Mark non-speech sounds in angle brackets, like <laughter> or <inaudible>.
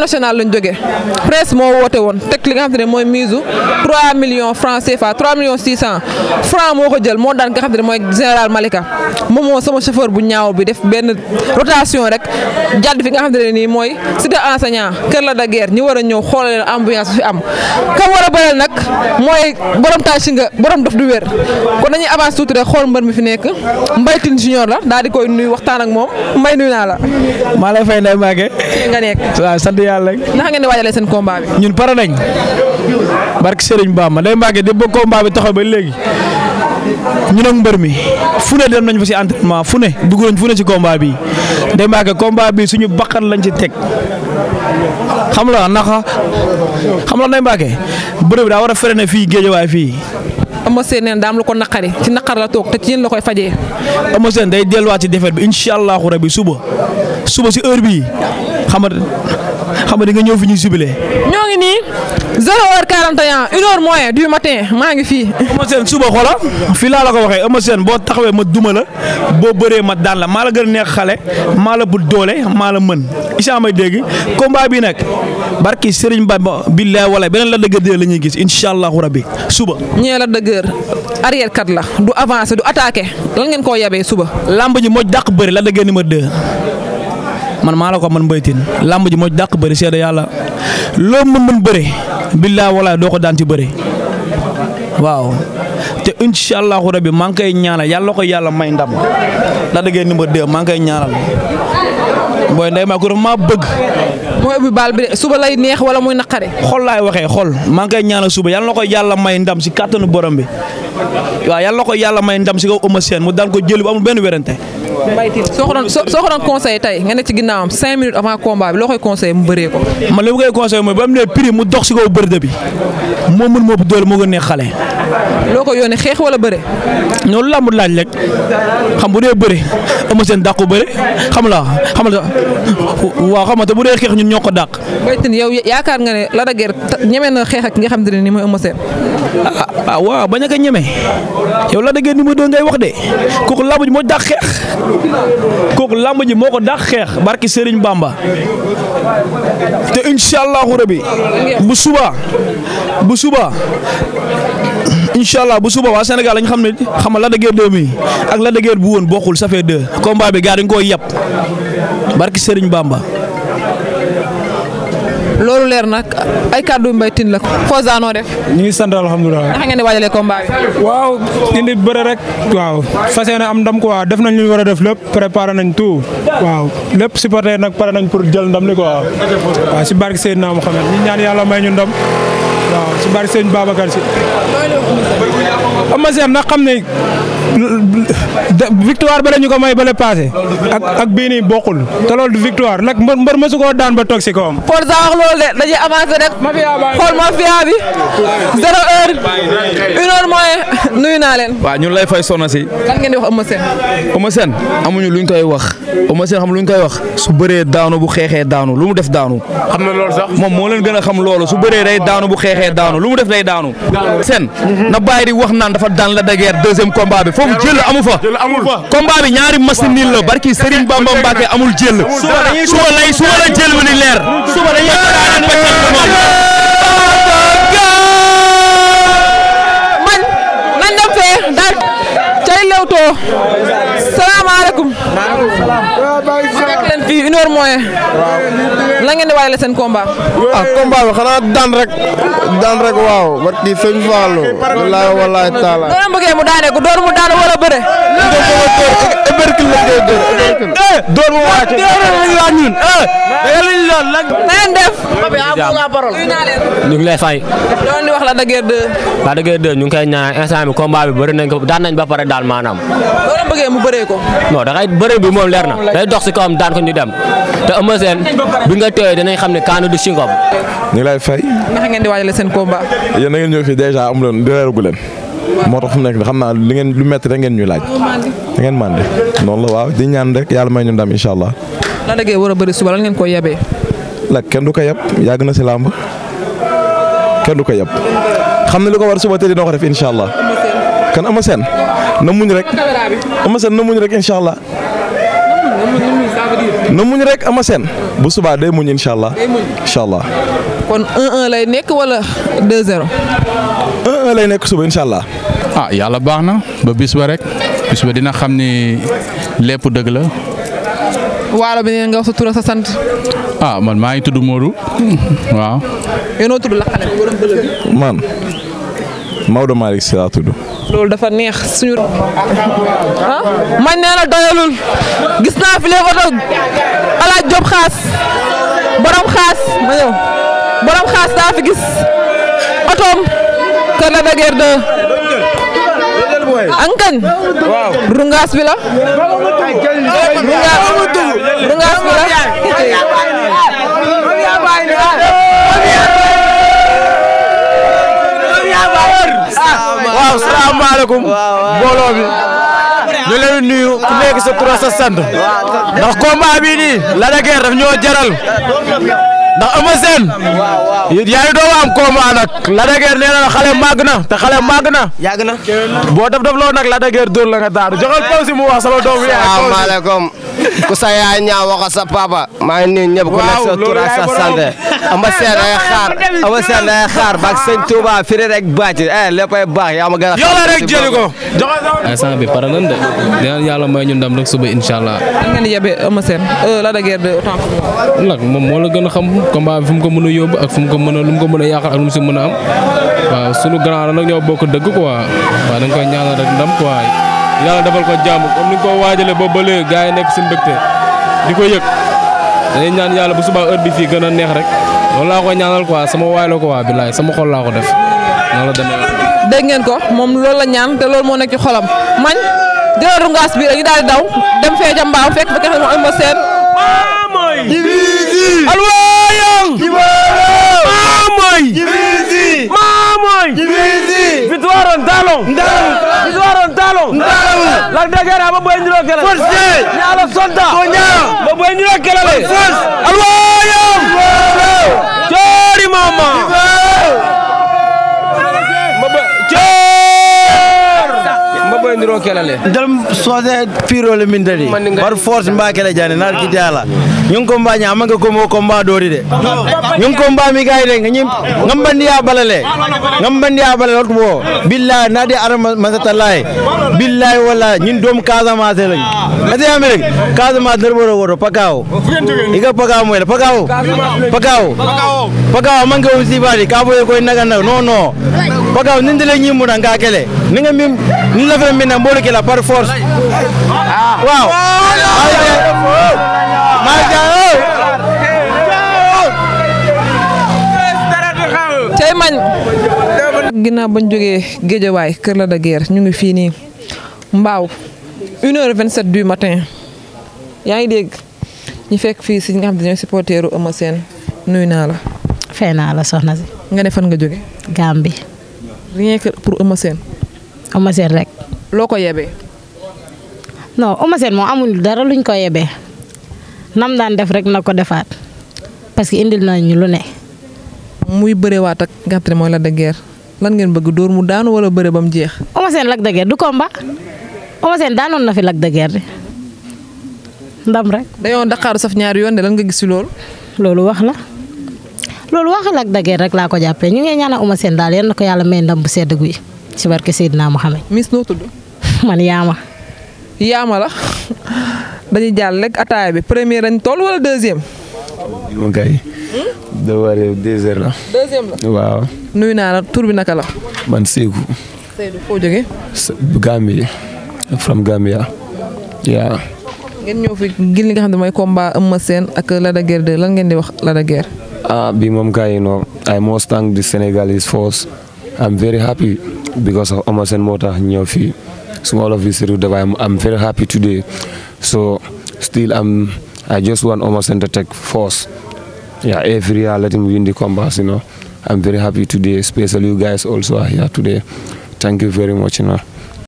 assemblée nationale lañ jógee presse moo woote woon teg li nga xam te ne mooy mise 3 millions francs CFA 3 millions 600 francs moo ko jël moo daan nga xam te ne mooy général Malika moom fi nga xam kër la da guerre ñi war a ñëw xoolal leen fi am ka war a bëreel nag mooy borom tàcci nga borom dof du wér kon dañuy avance tuuti rek xool mbër mi fi nekk Mbaye Tine Junior la daal di koy nuyu waxtaan ak moom Mbaye nuyu naa la. maa lay fay Ndeye Maguette. nga nekk yàlla rek. ndax ngeen di waajalee seen combat bi. ñun pare nañ barke Serigne ma day Mbacke dem ba combat bi taxaw ba léegi ñun ak mbër mi fu ne dem nañ fa si entraînement fu ne dugg nañ fu ne si kombaa bi day Mbacke combat bi suñu bakkan lañ ci teg xam la ndax xam la day Mbacke bërëb daa war a freiné fii géejawaay fii. Eumeu Sène neen daam lu ko naqari ci naqar la toog te ci yéen la koy fajee. Eumeu Sène day delluwaat ci defet bi incha allahu rabi suba suba xam nga xam nga di nga ñëw fi ñu jubilee. ñoo ngi nii 0h41 une heure moins du matin maa ngi fii. Eumeu Sène suba xoola fii laa la ko waxee Eumeu Sène boo taxawee ma duma la boo bëree ma daan la maa la gën a neex xale maa la bu doole maa la mën isa may dégg combat bi nag barki Serigne Bamba billaay wala beneen la dëgër la ñuy gis incha rabbi suba. ñee la dëgër arrière kat la du avancer du attaquer lan ngeen koo yabee suba. lamb ji moo dàq bëri la man maa la ko man Mbaye Tine làmb ji moo dàq bëri seede yàlla loo mën mën bëre billaa walaay doo ko daan ci bëre waaw te incha rabi maa ngi koy ñaanal yàlla ko yàlla may ndam da dëggee numéro 2 maa ngi koy ñaanal booy ndey ma ko maa bëgg mooy ubbi baal bi de koy ñaanal suba yal na ko yàlla may ndam si kàttanu borom bi waaw yal na ko si kaw Eumeu Sène mu daan ko jël bu amul benn wérante. soo ko doon soo ko tey nga ne ci ginnaawam cinq minutes avant combat bi loo koy conseillé mu bëree ko. man li ma koy conseillé mooy ba mu ne prix mu dox si kaw bërde bi moo mën moo doole moo gën ne xale. loo ko yónnee xeex wala bëre. noonu laa mun laaj rek xam bu dee bëre Eumeu Sène dàqu bëre xam la xam la waaw xam te bu dee xeex ñun ñoo ko dàq. Mbaye yaakaar nga ne Lac de Guiers ñeme na xeex ak nga xam ne ni mooy Eumeu Sène. ah ah waaw bañ ñeme yow Lac de Guiers numéro ngay wax de kooku làmb ji moo dàq xeex kooku làmb ji moo ko dàq xeex barki Serigne Bamba te incha allahu bu suba bu suba. incha bu suba waa Sénégal lañ xam ne xam nga Lac de Guiers 2 mi ak Lac de Guiers bu woon bokkul ça fait deux combat bi gars dañ koy yàpp barki Serigne Bamba. loolu leer nag ay kàddu Mbaye Tine la ko Forza def. ñu ngi sant alhamdulilah. ndax ngeen di waajalee combat bi. waaw indi bëre rek. waaw fas yéene am ndam quoi def nañ lu ñu war a def lépp préparé nañ tout waaw lépp supporter nag pare nañ pour jël ndam li quoi waaw si barke Seydina Mouhamed ñu ñaan yàlla may ñu ndam waaw si barke Sëñ Babacar si. am seen nag xam ne. victoire ba la ko may ba la passé ak ak bii nii bokkul te loolu du victoire nag mbër mbër mësu koo daan ba toog si kawam. Forza wax loolu de dañuy avancer rek xool mafia bi zéro naa leen. waaw ñun lay fay sonn si. lan ngeen di wax Eumeu Sène. Eumeu Sène amuñu luñ koy wax Eumeu Sène xam luñ koy wax su bëree daanu bu xeexee daanu lu mu def daanu. xam na loolu sax moom moo leen gën xam loolu su bëree day bu xeexee daanu lu def na bàyyi di wax naan dafa daan la dageer deuxième combat bi. bi foofu jël amu fa. combat bi ñaari machine nii la barki Serigne Bamba Mbacke amul jël. suba lay suba la jël bi di leer. suba dañuy daanaka pàccal bi moom. man man dem fee daal cay Leewtoo salaamaaleykum. une heure moins. waaw la ngeen di waajal seen combat. ah combat bi xanaa daan rek. daan barki sëñ Fallou. wallaahi wallaahi taala. loolu am bëggee mu daane ko door mu daan wala bëre. Eh, door mu wàcce. Eh, eh, ñu ngi lay fay. doon di wax la dëgër de. la dëgër de ñu ngi koy ñaan instant daan nañ ba pare daal maanaam. loolu am bëggee mu bëree ko. non da ngay daan ko ñu dem. te Eumeu Sène bi nga tooyee dinañ xam ne kaanu du singom. ñu ngi lay fay. naka ngeen di waajale seen combat. yéen na ngeen ñëw fii dèjà am leen dërëgu leen. moo tax fu mu nekk xam naa li ngeen lu métti rek ngeen ñuy laaj. ngeen màndi noonu la waaw di ñaan rek yàlla may ñu ndam incha allah. war a bëri suba lan ngeen ko kenn du ko yeb yàgg na si làmb kenn du ko yeb xam ne li ko war suba te dina ko def incha allah kan Eumeu Sène na muñ rek Eumeu na muñ rek incha na muñ rek ama seen bu subaa day muñ incha allah. incha allah. kon 1-1 lay nekk wala 2-0. lay nekk suba allah. ah yàlla baax na ba bis ba rek bis ba dina xam ni lépp dëgg la. waalo bi neen nga wax sa tur sant. ah man maa ngi tudd Modou. <laughs> waaw. yéen tudd la xale bi man Maodo Malick si tudd. loolu dafa neex suñu. ah man nee na doyalul. gis naa fi les photos El Hadj Diop borom xaas ma borom xaas daa fi gis otoom kër la da guerre de. ankañ rungaas bi rungaas bi waaw salaamaaleykum mbooloo ñu lay nuyu ku nekk sa tur sa sant ah, ah, ah. ndax combat bii la da guerre ñoo jaral ndax Eumeu Sène yaa ngi doon am combat nag Lac de Guiers nee na xale boo def def loolu nag Lac de Guiers la nga daanu joxal kaw mu wax sama doom yaay asalaamaaleykum ku sa yaay ñaaw waxa xaar baak sëñ Touba firi rek bàcc eh léppay baax yaa ma gën a yow la rek eh, bi pare nañ de dinañ may ñu ndam rek suba incha allah ngeen yebe Eumeu euh, gën xam combat bi fu mu ko mën a yóbbu ak fu mu ko mën a lu mu ko mën a yàqal ak lu mu si mën a am waaw sunu grand la nag ñoo bokk dëgg quoi waaw dañ koy ñaanal rek ndam quoi yàlla defal ko jàmm comme ni nga ko waajalee ba ba léegi gars yi nekk si mbégte di ko yëg dañuy ñaan yàlla bu subaa heure bi fii gën a neex rek loolu laa koy ñaanal quoi sama waay la ko waa bilaay sama xol ko def noonu la demee dégg ko moom loolu la ñaan te loolu moo nekk ci xolam mañ jëlal rungaas bi dañu daal di daw dem fee Jibizi. Mamoy. Jibizi. Victoire on Ndalong. Ndalong. Victoire on Ndalong. Ndalong. Lac de Guiers ba Boy Ndiro Kelele. Force. Ñaala Sonta. Ba Boy Ndiro Kelele. Force. firo kelale dalam sode firo le min dali bar force mba kala jani nar ki dala ñun ko mba ñama nga ko mo ko mba dori de ñun ko mba mi gay de ñim ngambandi ya balale ngambandi ya balale ko bo billahi nadi arama masatallahi billahi wala ñun doom casamance lañ ade amere casamance der boro woro pakaw iga pakaw moy pakaw pakaw pakaw manga usi bari ka boy ko naga no no pakaw nindele ñimuna nga kele ninga mim ni la fe mina symbolique la par force. Ah. waaw. tey man. ginnaaw bañ jógee Géejawaay Kër la da guerre ñu ngi fii nii Mbaaw une heure vingt sept du matin yaa ngi dégg ñu fekk fii si ñi nga xam ne ñooy supporteru Eumeu Sène nuyu naa la. fay naa la soxna si. nga ne fan nga jóge Gambie. rien que pour Eumeu Sène. Eumeu Sène rek. loo ko yebee. non Eumeu Sène moom amul dara luñ ko yebee nam daan def rek nag ko defaat parce que indil nañu lu ne. muy bërewaat ak nga xam ne mooy lan ngeen bëgg dóor mu daanu wala bëre ba mu jeex. Eumeu Sène Lac de Guiers du combat Eumeu Sène daanoon na fi Lac de Guiers ndam rek. dañoo daqaaru saf ñaari yoon de lan nga gis ci loolu. loolu wax la loolu wax Lac de rek laa ko jàppee ñu ngi ñaanal Eumeu seen daal yal na ko yàlla may ndam bu sedd guy ci barke Seydina <laughs> man yaama. yaama la dañuy jàll rek ataaya bi premier lañ toll wala deuxième. la. waaw. nuyu naa la tur bi naka la. man Seydou. Seydou foo jógee. Gambie yaa. ngeen ñëw fi gil nga xam ne mooy combat Eumeu Sène ak Lac de Guiers ngeen di wax Lac de Guiers. Ah, bi moom kay no I must thank the Senegalese force. am very happy because of Omar Sen moo tax ñëw fii small of this Dubai I'm very happy today so still I'm I just want Omar Sen to take force yeah every year let him win the combats you know I'm very happy today especially guys also are here today thank you very much